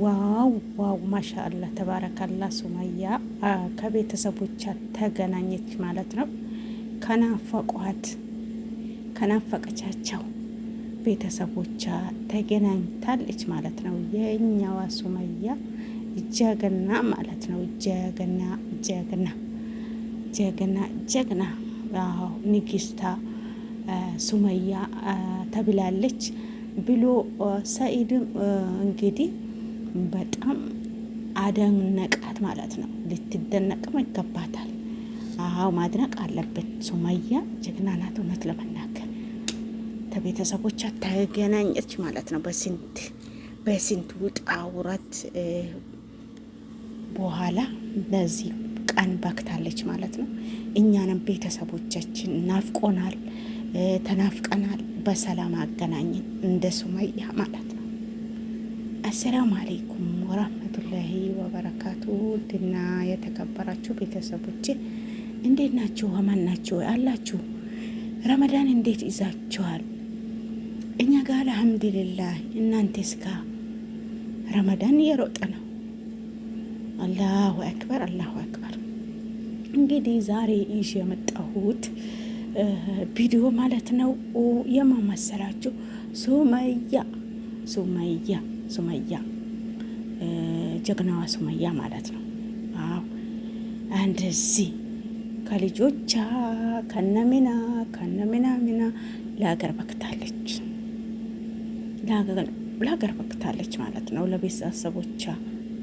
ዋው ዋው ማሻአላ ተባረካላ። ሱመያ ከቤተሰቦቻ ተገናኘች ማለት ነው። ከናፈቋት ከናፈቀቻቸው ቤተሰቦቿ ተገናኝታለች ማለት ነው። የኛዋ ሱመያ ጀግና ማለት ነው። ጀግና ጀግና ጀግና ጀግና ንግስታ ሱመያ ተብላለች ብሎ ሰኢድም እንግዲህ በጣም አደነቃት ማለት ነው። ልትደነቅም ይገባታል። አዎ ማድነቅ አለበት። ሱመያ ጀግና ናት። እውነት ለመናገር ከቤተሰቦች ተገናኘች ማለት ነው። በስንት በስንት ውጣ ውረት በኋላ ለዚህ ቀን በክታለች ማለት ነው። እኛንም ቤተሰቦቻችን ናፍቆናል፣ ተናፍቀናል። በሰላም አገናኝን እንደ ሱመያ ማለት አሰላሙ አሌይኩም ወራህመቱላሂ ወበረካቱ ድና የተከበራችሁ ቤተሰቦች እንዴት ናችሁ? አማን ናችሁ አላችሁ? ረመዳን እንዴት ይዛችኋል? እኛ ጋር አልሐምዱሊላህ። እናንተ እስካ ረመዳን እየሮጠ ነው። አላሁ አክበር፣ አላሁ አክበር። እንግዲህ ዛሬ ይዤ የመጣሁት ቪዲዮ ማለት ነው የማመሰላችሁ ሱመያ ሱመያ ሱመያ ጀግናዋ ሱመያ ማለት ነው። አዎ እንደዚህ ከልጆቿ ከነሚና ከነሚና ሚና ለሀገር በክታለች፣ ለሀገር በክታለች ማለት ነው። ለቤተሰቦቿ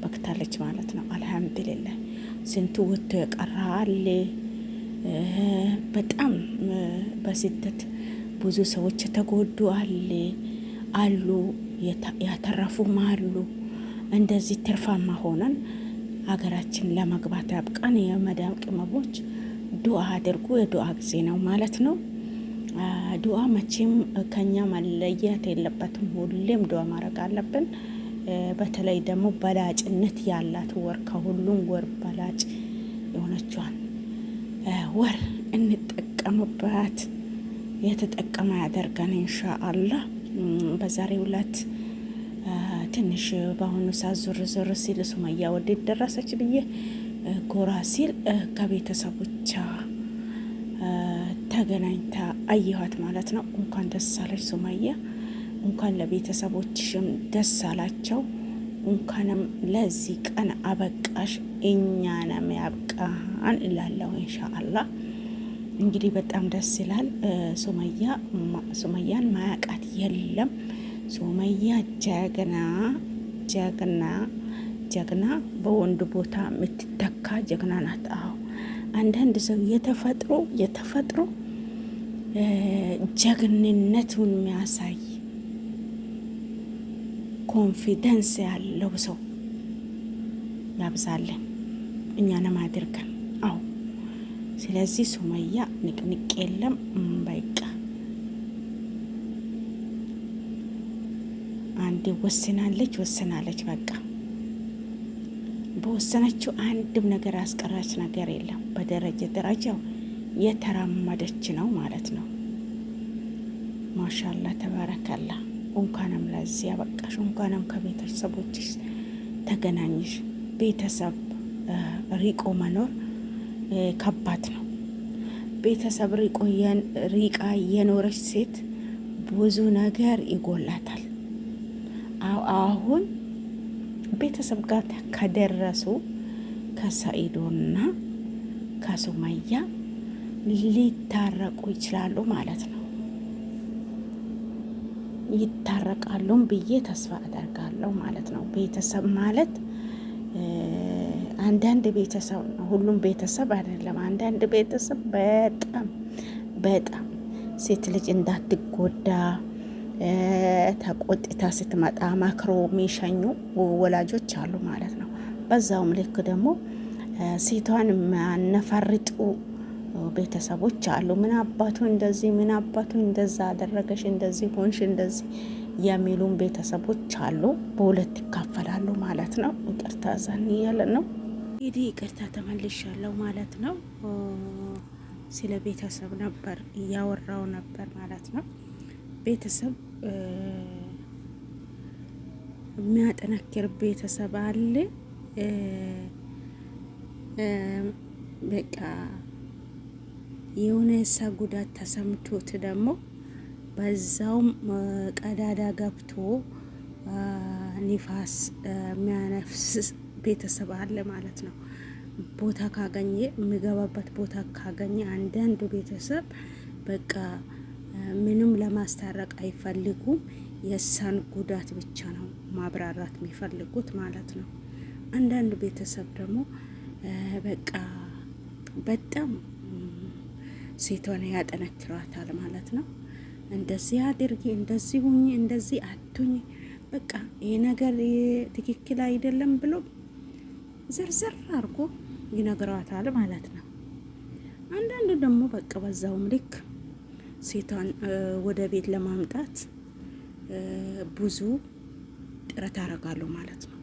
በክታለች ማለት ነው። አልሐምዱሊላህ ስንቱ ወጥቶ የቀራል። በጣም በስደት ብዙ ሰዎች የተጎዱ አለ አሉ። ያተረፉም አሉ። እንደዚህ ትርፋማ ሆነን ሀገራችን ለመግባት ያብቃን። የመዳም ቅመሞች ዱአ አድርጉ። የዱአ ጊዜ ነው ማለት ነው። ዱአ መቼም ከኛ መለየት የለበትም። ሁሌም ዱአ ማድረግ አለብን። በተለይ ደግሞ በላጭነት ያላት ወር ከሁሉም ወር በላጭ የሆነችዋን ወር እንጠቀምበት። የተጠቀመ ያደርገን ኢንሻአላህ በዛሬው ዕለት ትንሽ በአሁኑ ሰዓት ዞር ዞር ሲል ሱመያ ወዴት ደረሰች ብዬ ጎራ ሲል ከቤተሰቦቻ ተገናኝታ አየኋት ማለት ነው። እንኳን ደስ አለች ሱመያ፣ እንኳን ለቤተሰቦችሽም ደስ አላቸው፣ እንኳንም ለዚህ ቀን አበቃሽ፣ እኛንም ያብቃን እላለሁ ኢንሻአላህ። እንግዲህ በጣም ደስ ይላል። ሱመያ ሱመያን ማያውቃት የለም። ሶመያ ጀግና ጀግና ጀግና በወንድ ቦታ የምትተካ ጀግና ናት። አዎ አንዳንድ ሰው የተፈጥሮ የተፈጥሮ ጀግንነቱን የሚያሳይ ኮንፊደንስ ያለው ሰው ያብዛለን፣ እኛንም አድርገን። አዎ ስለዚህ ሶመያ ንቅንቅ የለም በይቃ አንዴ ወስናለች ወስናለች። በቃ በወሰነችው አንድም ነገር አስቀራች ነገር የለም። በደረጃ ደረጃው የተራመደች ነው ማለት ነው። ማሻላ ተባረከላ። እንኳንም ለዚህ ያበቃሽ፣ እንኳንም ከቤተሰቦችሽ ተገናኝሽ። ቤተሰብ ሪቆ መኖር ከባድ ነው። ቤተሰብ ሪቃ የኖረች ሴት ብዙ ነገር ይጎላታል። አሁን ቤተሰብ ጋር ከደረሱ ከሰኢዶና ከሱመያ ሊታረቁ ይችላሉ ማለት ነው። ይታረቃሉም ብዬ ተስፋ አደርጋለሁ ማለት ነው። ቤተሰብ ማለት አንዳንድ ቤተሰብ ነው፣ ሁሉም ቤተሰብ አይደለም። አንዳንድ ቤተሰብ በጣም በጣም ሴት ልጅ እንዳትጎዳ ተቆጥታ ስትመጣ መክሮ የሚሸኙ ወላጆች አሉ ማለት ነው። በዛውም ልክ ደግሞ ሴቷን የሚያነፈርጡ ቤተሰቦች አሉ። ምን አባቱ እንደዚህ፣ ምን አባቱ እንደዛ አደረገሽ፣ እንደዚህ ሆንሽ፣ እንደዚህ የሚሉን ቤተሰቦች አሉ። በሁለት ይካፈላሉ ማለት ነው። ይቅርታ ዘን እያለ ነው እንግዲህ ይቅርታ ተመልሻለሁ ማለት ነው። ስለ ቤተሰብ ነበር እያወራው ነበር ማለት ነው ቤተሰብ የሚያጠነክር ቤተሰብ አለ። በቃ የሆነ እሳ ጉዳት ተሰምቶት ደግሞ በዛውም ቀዳዳ ገብቶ ኒፋስ የሚያነፍስ ቤተሰብ አለ ማለት ነው። ቦታ ካገኘ የሚገባበት ቦታ ካገኘ አንዳንዱ ቤተሰብ በቃ ምንም ለማስታረቅ አይፈልጉም። የሳን ጉዳት ብቻ ነው ማብራራት የሚፈልጉት ማለት ነው። አንዳንድ ቤተሰብ ደግሞ በቃ በጣም ሴቷን ያጠነክሯታል ማለት ነው። እንደዚህ አድርጊ፣ እንደዚህ ሁኝ፣ እንደዚህ አቱኝ፣ በቃ ይህ ነገር ትክክል አይደለም ብሎ ዝርዝር አድርጎ ይነግሯታል ማለት ነው። አንዳንዱ ደግሞ በቃ በዛውም ልክ ሴቷን ወደ ቤት ለማምጣት ብዙ ጥረት አደርጋለሁ ማለት ነው።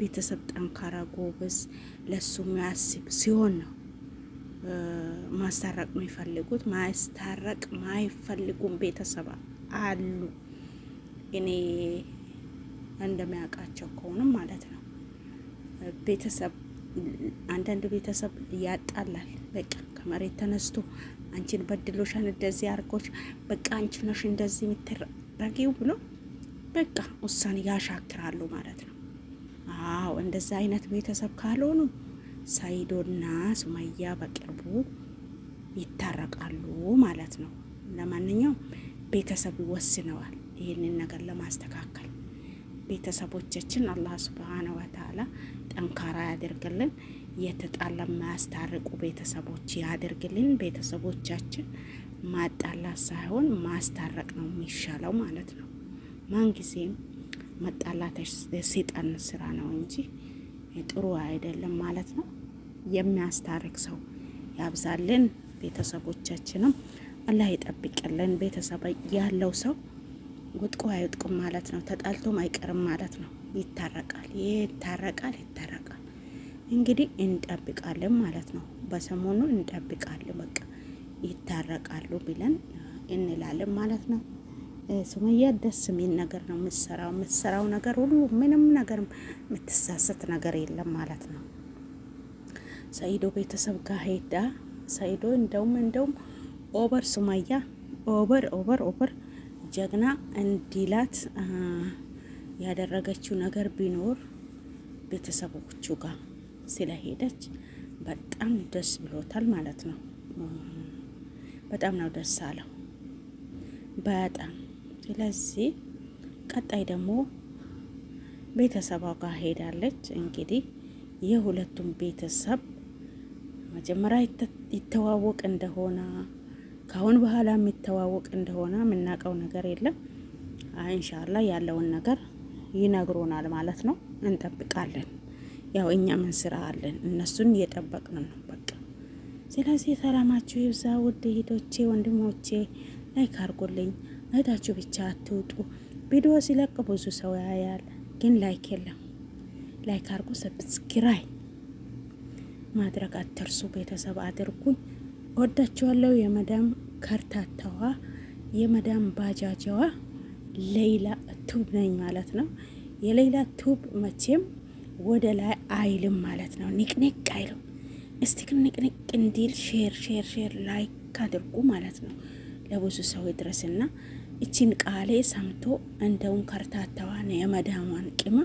ቤተሰብ ጠንካራ፣ ጎበዝ፣ ለሱ የሚያስብ ሲሆን ነው ማስታረቅ የሚፈልጉት። ማስታረቅ ማይፈልጉም ቤተሰብ አሉ። እኔ እንደሚያውቃቸው ከሆንም ማለት ነው ቤተሰብ አንዳንድ ቤተሰብ ያጣላል። በቃ ከመሬት ተነስቶ አንቺን በድሎሻን እንደዚህ አርጎች በቃ አንቺ ነሽ እንደዚህ የምትረጊው ብሎ በቃ ውሳኔ ያሻክራሉ ማለት ነው። አዎ እንደዛ አይነት ቤተሰብ ካልሆኑ ሳይዶና ሱመያ በቅርቡ ይታረቃሉ ማለት ነው። ለማንኛውም ቤተሰብ ይወስነዋል ይህንን ነገር ለማስተካከል ቤተሰቦቻችን አላህ ስብሃነ ወተዓላ ጠንካራ ያደርግልን። የተጣላ ማያስታርቁ ቤተሰቦች ያደርግልን። ቤተሰቦቻችን ማጣላት ሳይሆን ማስታረቅ ነው የሚሻለው ማለት ነው። ማንጊዜም መጣላት የሰይጣን ስራ ነው እንጂ ጥሩ አይደለም ማለት ነው። የሚያስታርቅ ሰው ያብዛልን። ቤተሰቦቻችንም አላህ ይጠብቅልን። ቤተሰብ ያለው ሰው ወጥቆ አይወጥቅም ማለት ነው። ተጣልቶም አይቀርም ማለት ነው። ይታረቃል፣ ይታረቃል፣ ይታረቃል። እንግዲህ እንጠብቃለን ማለት ነው። በሰሞኑ እንጠብቃለን። በቃ ይታረቃሉ ብለን እንላለን ማለት ነው። ሱመያ ደስ የሚል ነገር ነው የምትሰራው። የምትሰራው ነገር ሁሉ ምንም ነገር የምትሳሰት ነገር የለም ማለት ነው። ሰይዶ ቤተሰብ ጋር ሄዳ ሰኢዶ እንደውም እንደውም ኦቨር ሱመያ ኦቨር ኦቨር ኦቨር ጀግና እንዲላት ያደረገችው ነገር ቢኖር ቤተሰቦቹ ጋር ስለሄደች በጣም ደስ ብሎታል ማለት ነው። በጣም ነው ደስ አለው። በጣም ስለዚህ ቀጣይ ደግሞ ቤተሰቧ ጋር ሄዳለች። እንግዲህ የሁለቱም ቤተሰብ መጀመሪያ ይተዋወቅ እንደሆነ ካሁን በኋላ የሚተዋወቅ እንደሆነ የምናውቀው ነገር የለም። ኢንሻላ ያለውን ነገር ይነግሮናል ማለት ነው። እንጠብቃለን። ያው እኛ ምን ስራ አለን? እነሱን እየጠበቅን ነው በቃ። ስለዚህ ሰላማችሁ ይብዛ ውድ ሂዶቼ ወንድሞቼ፣ ላይክ አድርጉልኝ። እህታችሁ ብቻ አትውጡ። ቪዲዮ ሲለቅ ብዙ ሰው ያያል፣ ግን ላይክ የለም። ላይክ አድርጉ፣ ሰብስክራይ ማድረግ አትርሱ። ቤተሰብ አድርጉኝ። ወዳችኋለሁ። የመዳም ከርታታዋ የመዳም ባጃጃዋ ሌይላ ቱብ ነኝ ማለት ነው። የሌይላ ቱብ መቼም ወደ ላይ አይልም ማለት ነው። ንቅንቅ አይልም። እስቲ ግን ንቅንቅ እንዲል ሼር ሼር ሼር ላይክ አድርጉ ማለት ነው። ለብዙ ሰው ይድረስና እቺን ቃሌ ሰምቶ እንደውም ከርታታዋን የመዳሟን ቅመ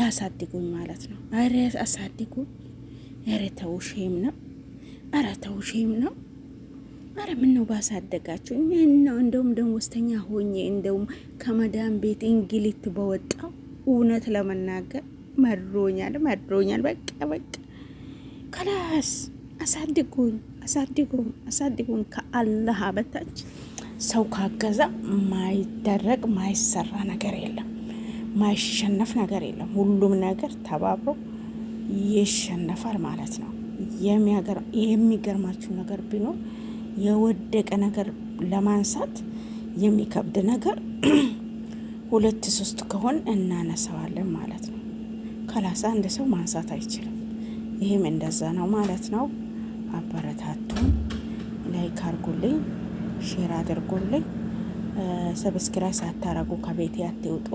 ያሳድጉኝ ማለት ነው። ኧረ አሳድጉ። ኧረ ሼም ነው። ኧረ ተው ሼም ነው። ምን ነው ባሳደጋችሁ። ነው እንደውም ደሞዝተኛ ሆኜ እንደውም ከመዳን ቤት እንግሊት በወጣው እውነት ለመናገር መድሮኛል፣ መድሮኛል። በቃ በቃ ከላስ አሳድጉኝ፣ አሳድጉኝ፣ አሳድጉኝ። ከአላህ በታች ሰው ካገዛ ማይደረግ ማይሰራ ነገር የለም፣ ማይሸነፍ ነገር የለም። ሁሉም ነገር ተባብሮ ይሸነፋል ማለት ነው። የሚገርማችሁ ነገር ቢኖር የወደቀ ነገር ለማንሳት የሚከብድ ነገር ሁለት ሶስት ከሆን እናነሳዋለን ማለት ነው። ከላሳ አንድ ሰው ማንሳት አይችልም። ይህም እንደዛ ነው ማለት ነው። አበረታቱን፣ ላይክ አድርጉልኝ፣ ሼር አድርጉልኝ። ሰብስክራይብ ሳታረጉ ከቤቴ አትውጡ።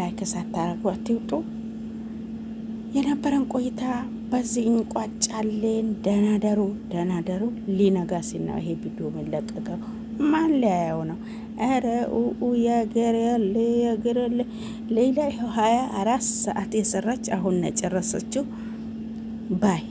ላይክ ሳታረጉ አትውጡ። የነበረን ቆይታ በዚህ እንቋጫለን። ደናደሩ ደናደሩ። ሊነጋ ሲል ነው ይሄ ቪዲዮ የሚለቀቀው። ማለያየው ነው። ኧረ ኡኡ የገሬል የገሬል ሌላ ይኸው ሀያ አራት ሰዓት የሰራች አሁን ነው የጨረሰችው ባይ